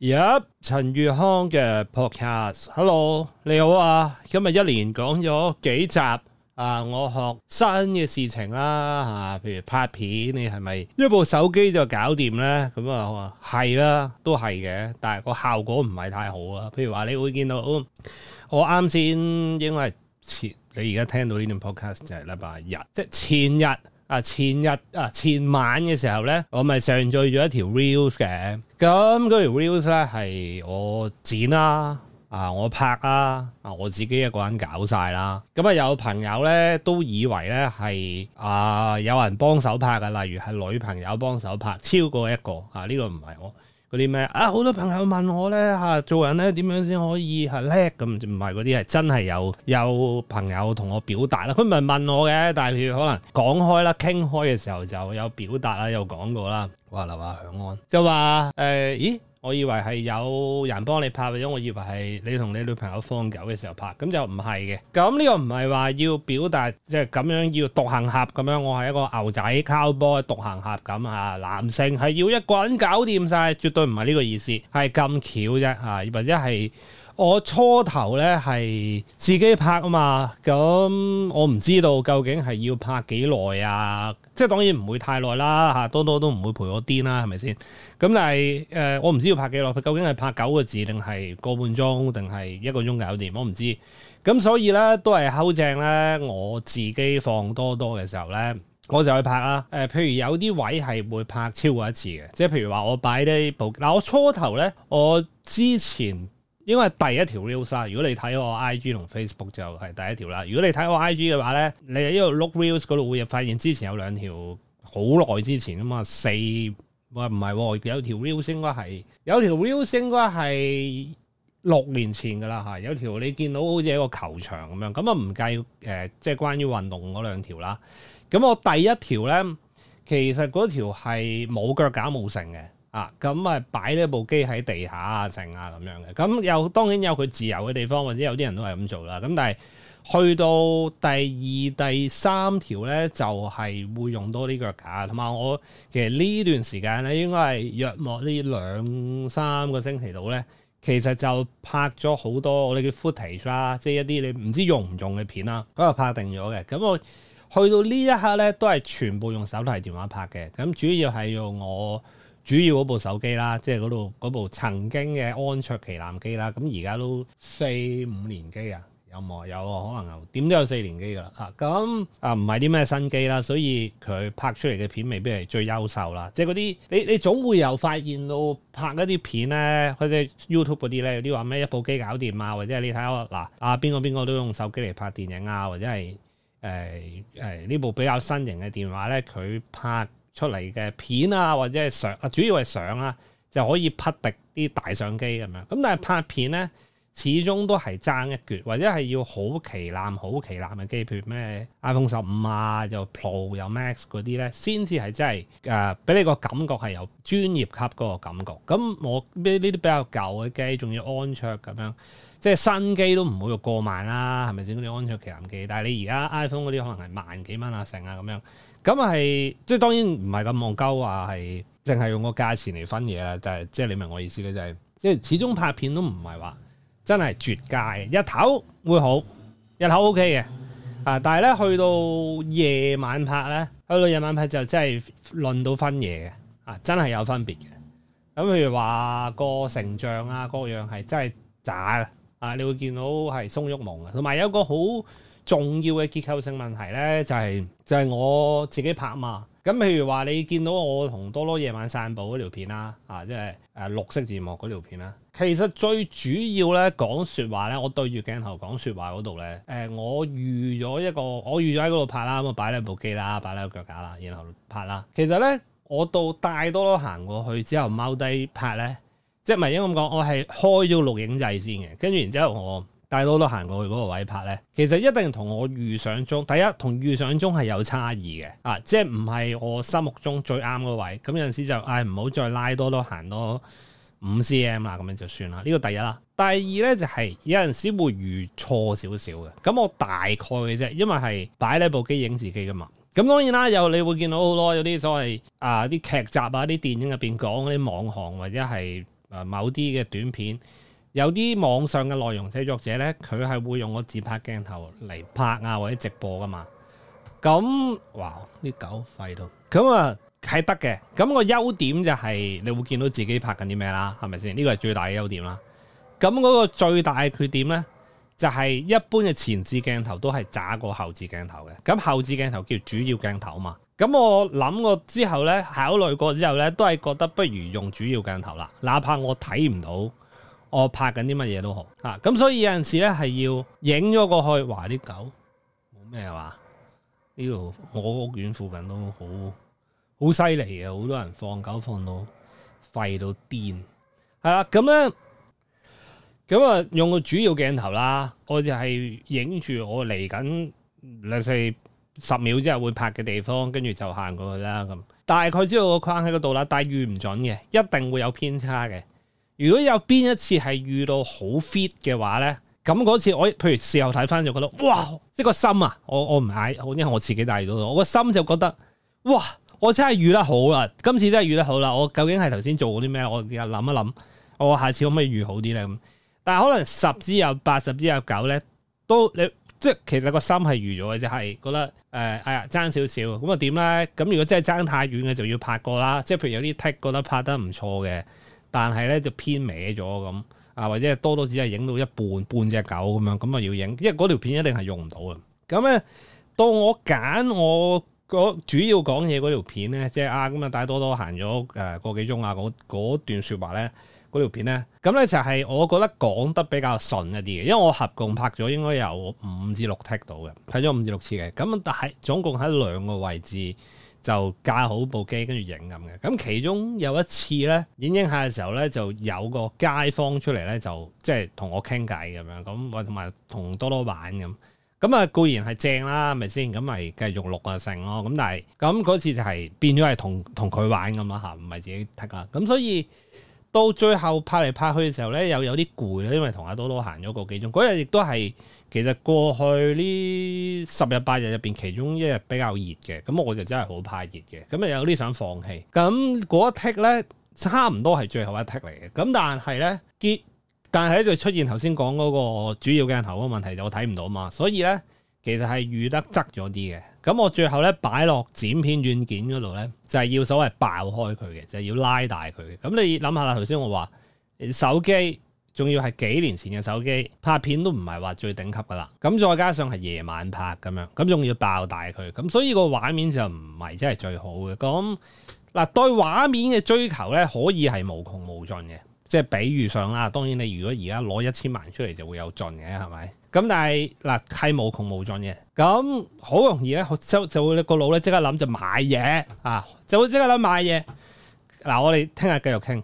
入陳宇康嘅 podcast，Hello，你好啊！今日一連講咗幾集啊，我學新嘅事情啦吓、啊，譬如拍片，你係咪一部手機就搞掂咧？咁、嗯、啊，係、嗯、啦，都係嘅，但係個效果唔係太好啊。譬如話你會見到我剛剛，我啱先應該係前你而家聽到呢段 podcast 就係禮拜日，即係前日。啊前日啊前晚嘅時候呢，我咪上載咗一條 reels 嘅，咁嗰條 reels 呢，係我剪啦、啊，啊我拍啦、啊，啊我自己一個人搞晒啦，咁啊有朋友呢，都以為呢係啊有人幫手拍嘅，例如係女朋友幫手拍，超過一個啊呢、呢個唔係我。嗰啲咩啊？好多朋友問我咧嚇、啊，做人咧點樣先可以係叻咁？唔係嗰啲係真係有有朋友同我表達啦。佢唔係問我嘅，但係譬如可能講開啦、傾開嘅時候就有表達啦，有講過啦。話啦話享安就話誒，咦？我以為係有人幫你拍，或者我以為係你同你女朋友放狗嘅時候拍，咁就唔係嘅。咁呢個唔係話要表達，即係咁樣要獨行俠咁樣，樣我係一個牛仔 cowboy 獨行俠咁啊，男性係要一個人搞掂晒，絕對唔係呢個意思，係咁巧啫啊，或者係我初頭呢係自己拍啊嘛，咁我唔知道究竟係要拍幾耐啊。即係當然唔會太耐啦，吓，多多都唔會陪我癲啦，係咪先？咁但係誒、呃，我唔知要拍幾耐，佢究竟係拍九個字定係個半鐘定係一個鐘搞掂，我唔知。咁所以咧，都係好正咧。我自己放多多嘅時候咧，我就去拍啦。誒、呃，譬如有啲位係會拍超過一次嘅，即係譬如話我擺呢部，嗱、呃，我初頭咧，我之前。因為第一條 reels 啊，如果你睇我的 IG 同 Facebook 就係第一條啦。如果你睇我 IG 嘅話咧，你喺呢度 look reels 嗰度會發現之前有兩條好耐之前啊嘛，四唔係、哎哦、有條 reels 應該係，有條 reels 應該係六年前噶啦嚇，有條你見到好似一個球場咁樣，咁啊唔計誒，即係關於運動嗰兩條啦。咁我第一條咧，其實嗰條係冇腳架冇成嘅。啊，咁啊，擺咗部機喺地下啊，剩啊咁樣嘅，咁又當然有佢自由嘅地方，或者有啲人都係咁做啦。咁但係去到第二、第三條咧，就係會用多啲腳架。同埋我其實呢段時間咧，應該係約莫呢兩三個星期度咧，其實就拍咗好多我哋叫 footage 啦，即係一啲你唔知用唔用嘅片啦，咁就拍定咗嘅。咁我去到呢一刻咧，都係全部用手提電話拍嘅，咁主要係用我。主要嗰部手機啦，即係嗰度部曾經嘅安卓旗艦機啦，咁而家都四五年機啊，有冇？有啊，可能點都有四年機噶啦嚇。咁啊，唔係啲咩新機啦，所以佢拍出嚟嘅片未必係最優秀啦。即係嗰啲你你總會又發現到拍一啲片呢，或者 YouTube 嗰啲呢，有啲話咩一部機搞掂啊，或者你睇下嗱，啊邊個邊個都用手機嚟拍電影啊，或者係誒誒呢部比較新型嘅電話呢，佢拍。出嚟嘅片啊，或者係相啊，主要係相啊，就可以匹敵啲大相機咁樣。咁但係拍片咧，始終都係爭一橛，或者係要好旗艦、好旗艦嘅機，譬如咩 iPhone 十五啊，又 Pro 又 Max 嗰啲咧，先至係真係誒，俾、呃、你個感覺係有專業級嗰個感覺。咁我呢啲比、比較舊嘅機，仲要安卓咁樣。即係新機都唔會用過萬啦，係咪先嗰啲安卓旗艦機？但係你而家 iPhone 嗰啲可能係萬幾蚊啊成啊咁樣，咁係即係當然唔係咁望鳩話係淨係用個價錢嚟分嘢啦，就係、係、即係你明我意思咧，就係、係、即係始終拍片都唔係話真係絕佳，日頭會好，日頭 OK 嘅啊，但係咧去到夜晚拍咧，去到夜晚拍就真係論到分嘢嘅啊，真係有分別嘅。咁譬如話個成像啊，個樣係真係渣啊！你會見到係鬆郁矇嘅，同埋有個好重要嘅結構性問題咧，就係、是、就係、是、我自己拍嘛。咁譬如話你見到我同多多夜晚散步嗰條片啦、啊，啊，即係誒綠色字幕嗰條片啦、啊。其實最主要咧講説話咧，我對住鏡頭講説話嗰度咧，誒、呃、我預咗一個，我預咗喺嗰度拍啦，咁啊擺兩部機啦，擺兩個腳架啦，然後拍啦。其實咧，我到帶多多行過去之後，踎低拍咧。即係咪係應該咁講？我係開咗錄影掣先嘅，跟住然之後我帶多啲行過去嗰個位拍咧。其實一定同我預想中，第一同預想中係有差異嘅啊！即係唔係我心目中最啱嗰位？咁有陣時，就唉，唔好再拉多多行多五 cm 啦，咁樣就算啦。呢個第一啦。第二咧就係有陣時會預錯少少嘅。咁我大概嘅啫，因為係擺喺部機影自己噶嘛。咁當然啦，有你會見到好多有啲所謂啊啲劇集啊啲電影入邊講啲網紅，或者係。啊，某啲嘅短片，有啲網上嘅內容寫作者呢，佢係會用個自拍鏡頭嚟拍啊，或者直播噶嘛。咁哇，啲狗吠到。咁啊，係得嘅。咁個優點就係，你會見到自己拍緊啲咩啦，係咪先？呢個係最大嘅優點啦。咁嗰個最大嘅缺點呢，就係，一般嘅前置鏡頭都係渣過後置鏡頭嘅。咁後置鏡頭叫主要鏡頭嘛。咁我諗過之後咧，考慮過之後咧，都係覺得不如用主要鏡頭啦。哪怕我睇唔到，我拍緊啲乜嘢都好。啊，咁所以有陣時咧，係要影咗過去，話啲狗冇咩話。呢度，啊、我屋苑附近都好好犀利嘅，好多人放狗放到吠到癲。係，啊、啦，咁咧，咁啊用個主要鏡頭啦，我就係影住我嚟緊，兩世十秒之後會拍嘅地方，跟住就行過去啦咁。大概知道個框喺度啦，但係預唔準嘅，一定會有偏差嘅。如果有邊一次係遇到好 fit 嘅話咧，咁嗰次我譬如事後睇翻就覺得，哇！即係個心啊，我我唔嗌，因為我自己大到我個心就覺得，哇！我真係預得好啦，今次真係預得好啦。我究竟係頭先做過啲咩？我又諗一諗，我下次可唔可以預好啲咧？咁，但係可能十之有八，十之有九咧，都你。即係其實個心係預咗嘅，就係覺得誒、呃、哎呀爭少少咁啊點咧？咁如果真係爭太遠嘅就要拍過啦。即係譬如有啲 take 覺得拍得唔錯嘅，但係咧就偏歪咗咁啊，或者多多只係影到一半半隻狗咁樣，咁啊要影，因為嗰條片一定係用唔到嘅。咁咧到我揀我個主要講嘢嗰條片咧，即係啊咁啊帶多多行咗誒個幾鐘啊嗰段説話咧。嗰條片咧，咁咧就係我覺得講得比較順一啲嘅，因為我合共拍咗應該有五至六 tick 到嘅，睇咗五至六次嘅。咁但係總共喺兩個位置就架好部機跟住影咁嘅。咁其中有一次咧，影影下嘅時候咧，就有個街坊出嚟咧，就即係同我傾偈咁樣。咁我同埋同多多玩咁。咁啊固然係正啦，係咪先？咁咪繼續錄啊成咯。咁但係咁嗰次就係、是、變咗係同同佢玩咁啦吓，唔係自己 tick 啊。咁所以。到最後拍嚟拍去嘅時候咧，又有啲攰啦，因為同阿多多行咗個幾鐘。嗰日亦都係其實過去呢十日八日入邊，其中一日比較熱嘅，咁我就真係好怕熱嘅，咁啊有啲想放棄。咁嗰一剔咧，差唔多係最後一剔嚟嘅。咁但係咧結，但係咧就出現頭先講嗰個主要鏡頭嘅問題就我睇唔到嘛，所以咧其實係預得側咗啲嘅。咁我最後咧擺落剪片軟件嗰度咧，就係要所謂爆開佢嘅，就係要拉大佢嘅。咁你諗下啦，頭先我話手機仲要係幾年前嘅手機拍片都唔係話最頂級噶啦。咁再加上係夜晚拍咁樣，咁仲要爆大佢，咁所以個畫面就唔係真係最好嘅。咁嗱，對畫面嘅追求咧，可以係無窮無盡嘅。即係比喻上啦，當然你如果而家攞一千萬出嚟就會有盡嘅，係咪？咁但係嗱，係冇窮冇盡嘅，咁好容易咧，就就會個腦咧即刻諗就買嘢啊，就會即刻諗買嘢。嗱，我哋聽日繼續傾。